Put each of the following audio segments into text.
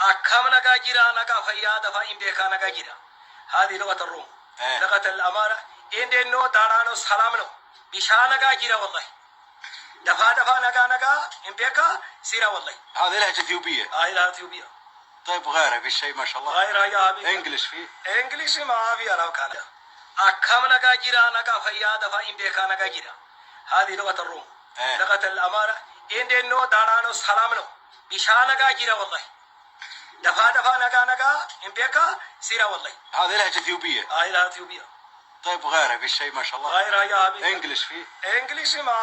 أكم نجا جرا نجا فيا دفع إن بيكا نجا هذه لغة الروم إيه. لغة الأمارة إن دينو دارانو سلامنو بيشا نجا جرا والله دفع دفع نجا نجا إن بيكا سيرا والله هذه لهجة إثيوبية هذه لهجة إثيوبية طيب غيره في شيء ما شاء الله غيرها يا حبيبي انجلش فيه انجلش ما في انا وكان اكم نجا جيرا نجا فيا دفع إن بيكا نجا جيرا هذه لغة الروم إيه. لغة الأمارة إن دينو دارانو سلامنو بيشا نجا جيرا والله دفا دفا نقا نقا امبيكا والله هذه لهجة اثيوبية هاي لهجة اثيوبية طيب غيره في شيء ما شاء الله غيره يا حبيبي انجلش فيه انجلش ما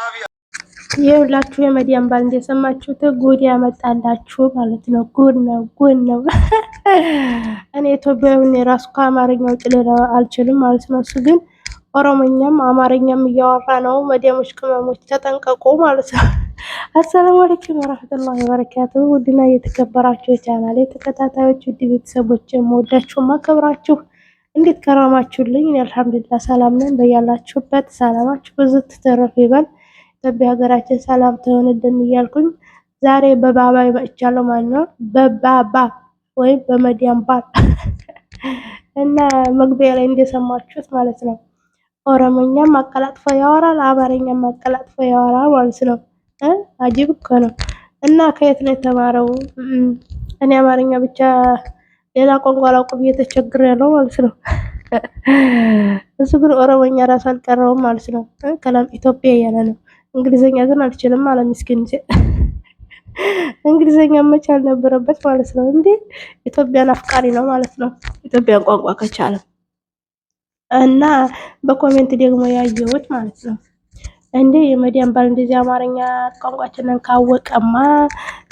ባል እንደሰማችሁት ጉድ ያመጣላችሁ ማለት ነው። ጉድ ነው፣ ጉድ ነው። እኔ ኢትዮጵያዊ የራሱ ከአማርኛ ውጭ ሌላ አልችልም ማለት ነው። እሱ ግን ኦሮሞኛም አማርኛም እያወራ ነው። መዲያሞች ቅመሞች ተጠንቀቁ ማለት ነው። አሰላሙ አለይኩም ወራህመቱላሂ ወበረካቱ። ውድና የተከበራችሁ የቻናሌ ተከታታዮች ውድ ቤተሰቦች የምወዳችሁ ማከብራችሁ እንዴት ከረማችሁልኝ? አልሐምዱሊላህ ሰላም ነን። በያላችሁበት ሰላማችሁ ብዙ ትተረፍ ይበል። ኢትዮጵያ ሀገራችን ሰላም ትሆንልን እያልኩኝ ዛሬ በባባ ይመቻለሁ ማለት ነው። በባባ ወይም በመዲያም ባል እና መግቢያ ላይ እንደሰማችሁት ማለት ነው። ኦሮሞኛም አቀላጥፎ ያወራል፣ አማርኛም አቀላጥፎ ያወራል ማለት ነው። አጅብ እኮ ነው። እና ከየት ነው የተማረው? እኔ አማርኛ ብቻ ሌላ ቋንቋ አላውቅም እየተቸግር ያለው ማለት ነው። እሱ ግን ኦሮሞኛ ራሱ አልቀረውም ማለት ነው። ከላም ኢትዮጵያ እያለ ነው። እንግሊዘኛ ግን አልችልም አለ ምስኪን። እንግሊዘኛ መች አልነበረበት ማለት ነው። እንዴ ኢትዮጵያን አፍቃሪ ነው ማለት ነው። ኢትዮጵያን ቋንቋ ከቻለ እና በኮሜንት ደግሞ ያየሁት ማለት ነው እንዴ የመዲያን ባል እንደዚህ አማርኛ ቋንቋችንን ካወቀማ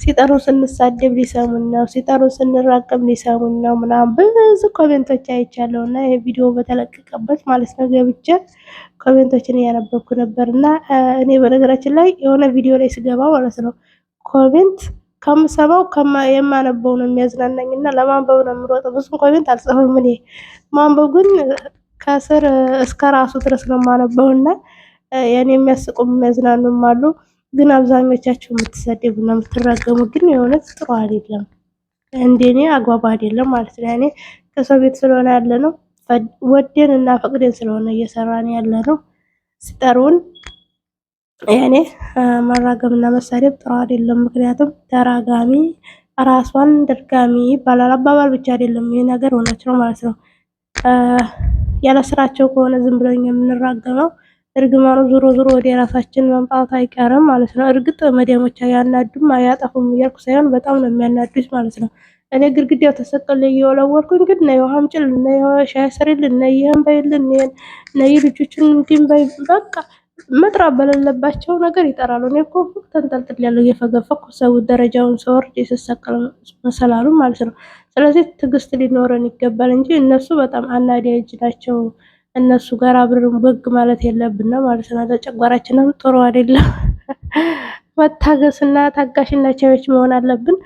ሲጠሩ ስንሳደብ ሊሰሙን ነው፣ ሲጠሩ ስንራቅም ሊሰሙን ነው ምናምን ብዙ ኮሜንቶች አይቻለሁ እና ይሄ ቪዲዮ በተለቀቀበት ማለት ነው ገብቼ ኮሜንቶችን እያነበብኩ ነበር። እና እኔ በነገራችን ላይ የሆነ ቪዲዮ ላይ ስገባ ማለት ነው ኮሜንት ከምሰማው የማነበው ነው የሚያዝናናኝ እና ለማንበብ ነው የምሮጠው። ብዙም ኮሜንት አልጽፍም እኔ ማንበብ ግን ከስር እስከ ራሱ ድረስ ነው የማነበው እና ያኔ የሚያስቁም የሚያዝናኑም አሉ። ግን የምትሰደቡ የምትሰደቡና የምትራገሙ ግን የእውነት ጥሩ አይደለም። እንደኔ አግባብ አይደለም ማለት ነው። ያኔ ከሰው ቤት ስለሆነ ያለ ነው ወደን እና ፈቅደን ስለሆነ እየሰራን ያለ ነው። ሲጠሩን ያኔ መራገም እና መሳደብ ጥሩ አይደለም። ምክንያቱም ተራጋሚ ራሷን ደርጋሚ ይባላል። አባባል ብቻ አይደለም ይሄ ነገር እውነት ነው ማለት ነው። ያለ ስራቸው ከሆነ ዝም ብለው የምንራገመው እርግማኑ ዞሮ ዞሮ ወደ ራሳችን መምጣት አይቀርም ማለት ነው። እርግጥ መዲያሞች አያናዱም አያጠፉም እያልኩ ሳይሆን በጣም ነው የሚያናዱት ማለት ነው። እኔ ግድግዳው ተሰቀለ እየወለወልኩኝ ግን ነይ ውሃ አምጪልን፣ ነይ ሻይ ስሪልን፣ ነይ ይህን በይልን፣ ነይ ልጆችን እንዲህም በይ በቃ መጥራ በሌለባቸው ነገር ይጠራሉ። እኔ እኮ ፎቅ ተንጠልጥል ያለው እየፈገፈኩ ሰው ደረጃውን ሰወርድ የተሰቀለ መሰላሉ ማለት ነው። ስለዚህ ትዕግስት ሊኖረን ይገባል እንጂ እነሱ በጣም አናዳጅ ናቸው። እነሱ ጋር አብረን ወግ ማለት የለብንም ማለት ነው። ለጨጓራችንም ጥሩ አይደለም። መታገስና ታጋሽና ቸዎች መሆን አለብን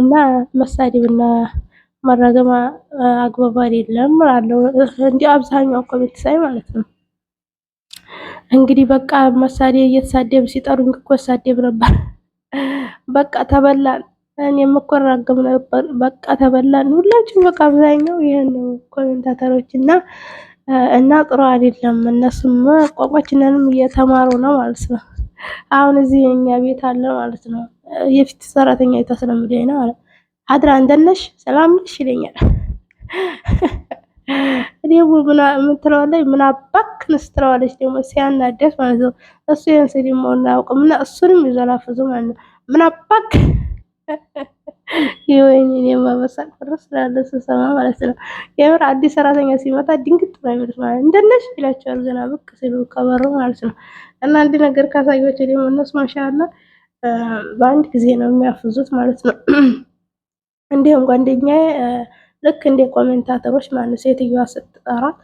እና መሳደብና መረገም አግባብ አይደለም አለው። እንዲ አብዛኛው ኮሜንት ሳይ ማለት ነው። እንግዲህ በቃ መሳደብ እየተሳደብ ሲጠሩኝ እኮ ሳደብ ነበር። በቃ ተበላን፣ እኔም እኮ እራገም ነበር። በቃ ተበላን። ሁላችን በቃ አብዛኛው ነው ኮሜንታተሮች እና እና ጥሩ አይደለም። እነሱም ቋንቋችንንም እየተማሩ ነው ማለት ነው። አሁን እዚህ የኛ ቤት አለ ማለት ነው። የፊት ሰራተኛ የታስለምደኝ ነው አለ አድራ እንደነሽ ሰላም ነሽ ይለኛል። እኔ ምን ትለዋለች? ምን አባክንስ ትለዋለች። ደግሞ ሲያናደስ ማለት ነው። እሱ የንስ ስድብ አናውቅም እና እሱንም ይዘላፍዙ ማለት ነው። ምን አባክ ይወይኔ እኔ ማበሳቅ ፍርስ ስላለ ስሰማ ማለት ነው። የምር አዲስ ሰራተኛ ሲመጣ ድንግጥ ነው የሚሉት ማለት እንደነሽ ይላቸዋል። ገና ብቅ ሲሉ ከበሩ ማለት ነው። እና አንድ ነገር ካሳያቸው ደግሞ እነሱ ማሻላ በአንድ ጊዜ ነው የሚያፍዙት ማለት ነው። እንዲሁም ጓደኛ ልክ እንደ ኮሜንታተሮች ማለት ሴትዮዋ ስትጠራት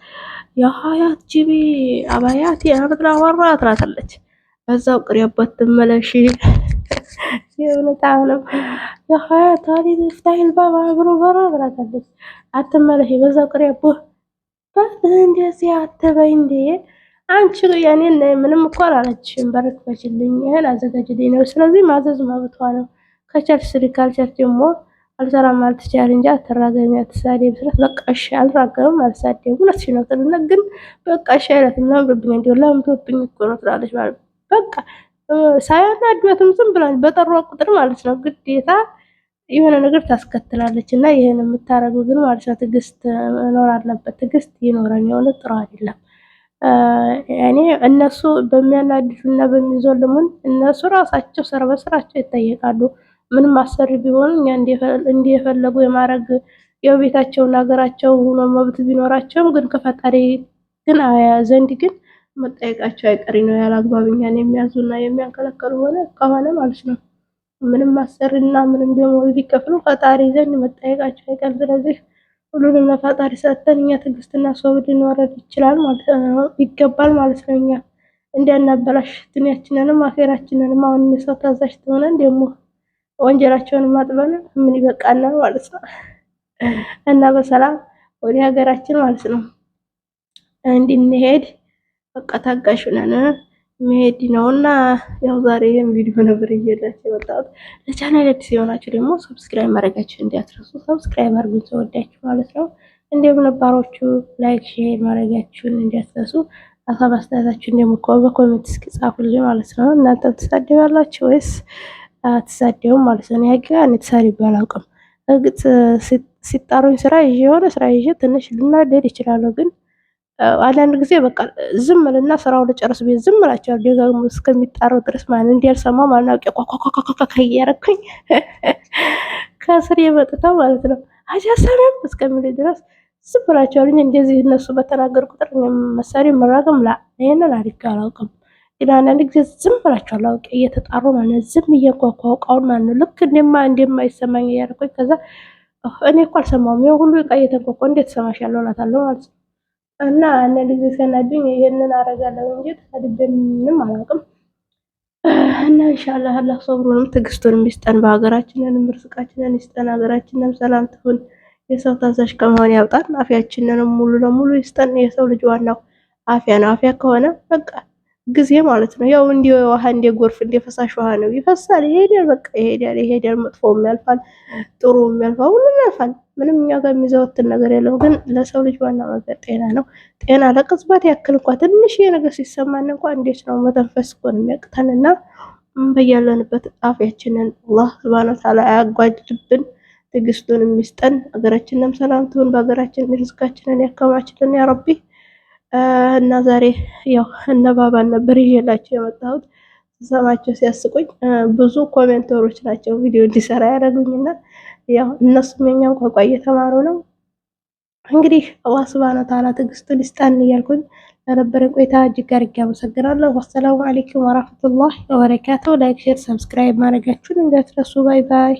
የሀያት ጂቢ አባያት የምትላወራ ትላታለች። በዛው ቅሪ አባት ትመለሽ የእውነት ዓለም የሀያት አሊ ፍታሂል ባብ አብሮ በራ ብላታለች። አትመለሽ በዛ ቁሪ እንደዚህ አትበይ እንዴ አንቺ ያኔ ምንም እኮ አላለችም። በርክ በችልኝ አዘጋጅልኝ ነው። ስለዚህ ማዘዝ መብቷ ነው። ከቻልሽ ስሪ፣ ካልቻልሽ ደግሞ አልሰራም አልትቻል እንጂ አትራገሚ፣ አትሳደቢ ስላት በቃ እሺ አልራገምም አልሳደብም እውነት ሲኖር ግን በቃ እሺ አይላትም። ለምዶብኝ እንዲሁ ለምዶብኝ እኮ ነው ትላለች ማለት በቃ ሳያናዷትም ዝም ብላ በጠሯ ቁጥር ማለት ነው ግዴታ የሆነ ነገር ታስከትላለች። እና ይህን የምታደርገው ግን ማለት ነው ትግስት መኖር አለበት። ትዕግስት ይኖረን የሆነ ጥሩ አይደለም። እኔ እነሱ በሚያናድዱ እና በሚዞልሙን እነሱ ራሳቸው ስራ በስራቸው ይጠየቃሉ። ምንም አሰሪ ቢሆኑ እኛ እንደፈለጉ የማድረግ የቤታቸውን ሀገራቸው ሆኖ መብት ቢኖራቸውም ግን ከፈጣሪ ግን ዘንድ ግን መጠየቃቸው አይቀሪ ነው። ያላግባብ እኛን የሚያዙና የሚያንከለከሉ ሆነ ከሆነ ማለት ነው ምንም ማሰርና ምንም ደሞዝ ቢከፍሉ ፈጣሪ ዘንድ መጠየቃቸው አይቀር። ስለዚህ ሁሉንም ለፈጣሪ ሰጥተን እኛ ትዕግስትና ሰው ሊኖረን ይችላል ይገባል ማለት ነው። እኛ እንዲያናበላሽ ዱንያችንንም አኼራችንንም አሁን የሰው ታዛዥ ትሆነን ደግሞ ወንጀላቸውን ማጥበን ምን ይበቃናል ማለት ነው እና በሰላም ወደ ሀገራችን ማለት ነው እንድንሄድ በቃ ታጋሽ ነን መሄድ ነው እና ያው ዛሬ ይህን ቪዲዮ ነበር እየላቸው የወጣሁት። ለቻናል አዲስ የሆናችሁ ደግሞ ሰብስክራይብ ማድረጋችሁ እንዲያትረሱ፣ ሰብስክራይብ አድርጉኝ ተወዳችሁ ማለት ነው። እንዲሁም ነባሮቹ ላይክ፣ ሼር ማድረጋችሁን እንዲያትረሱ። ሀሳብ አስተያየታችሁን ደግሞ በኮሜንት እስኪ ጻፉልኝ ማለት ነው። እናንተ ትሳደባላችሁ ወይስ አትሳደቡም ማለት ነው? ያጋ እኔ ተሳድቤ አላውቅም። እርግጥ ሲጣሩኝ ስራ ይዤ የሆነ ስራ ይዤ ትንሽ ልናደድ ይችላለሁ ግን አንዳንድ ጊዜ በቃ ዝም ልና ስራውን ልጨርስ ቤት ዝም ላቸው ደጋግሞ እስከሚጣረው ድረስ ማን እንዲያልሰማ ማለት አውቄ ኳኳኳኳኳ እያረኩኝ ከስር የመጥታ ማለት ነው አጃሳሚም እስከሚል ድረስ ዝም እላቸዋለሁ። እንደዚህ እነሱ በተናገር ቁጥር መሳሪ መራገም ላ ይህንን አድርጌ አላውቅም። ግን አንዳንድ ጊዜ ዝም ብላቸው አላውቅ እየተጣሩ ማለት ዝም እያንኳኳ እቃውን ማለት ነው ልክ እንደማ እንደማይሰማኝ እያረኩኝ ከዛ እኔ እኮ አልሰማሁም ይኸው ሁሉ እቃ እየተንኳኳ እንዴት ሰማሽ ያለው እላታለሁ ማለት ነው። እና አንዳንድ ጊዜ ሲያናድዱኝ ይሄንን አረጋለሁ እንጂ ተሳድቤ ምንም አላውቅም። እና ኢንሻአላህ አላህ ሶብሩንም ትዕግስቱንም ይስጠን፣ በሀገራችንንም ርዝቃችንን ይስጠን፣ ሀገራችንንም ሰላም ትሁን፣ የሰው ታዛዥ ከመሆን ያውጣን፣ አፊያችንንም ሙሉ ለሙሉ ይስጠን። የሰው ልጅ ዋናው አፍያ ነው። አፍያ ከሆነ በቃ ጊዜ ማለት ነው። ያው እንደ ውሃ እንደ ጎርፍ እንደ ፈሳሽ ውሃ ነው፣ ይፈሳል፣ ይሄዳል፣ በቃ ይሄዳል፣ ይሄዳል። መጥፎም ያልፋል፣ ጥሩም ያልፋል፣ ሁሉም ያልፋል። ምንም እኛ ጋር የሚዘወትን ነገር የለው። ግን ለሰው ልጅ ዋና ነገር ጤና ነው። ጤና ለቅጽበት ያክል እንኳ ትንሽ ነገር ሲሰማን እንኳ እንዴት ነው መተንፈስ እኮ ነው የሚያቅተንና በያለንበት አፍያችንን አላህ ስብሃነ ወተዓላ አያጓጅብን፣ ትግስቱን የሚስጠን ሀገራችንም ሰላም ትሁን። በሀገራችን ህዝጋችንን ያከማችልን ያረቢ። ረቢ። እና ዛሬ ያው እነባባን ነበር ይዤላቸው የመጣሁት። ስሰማቸው ሲያስቁኝ ብዙ ኮሜንተሮች ናቸው ቪዲዮ እንዲሰራ ያደረጉኝና ያው እነሱም የኛን ቋንቋ እየተማሩ ነው። እንግዲህ አላህ ስብሃነ ወተዓላ ትዕግስቱን ይስጠን እያልኩኝ ለነበረን ቆይታ እጅግ አድርጌ አመሰግናለሁ። ወሰላሙ አለይኩም ወራህመቱላሂ ወበረካቱ። ላይክ፣ ሼር፣ ሰብስክራይብ ማድረጋችሁን እንዳትረሱ። ባይ ባይ።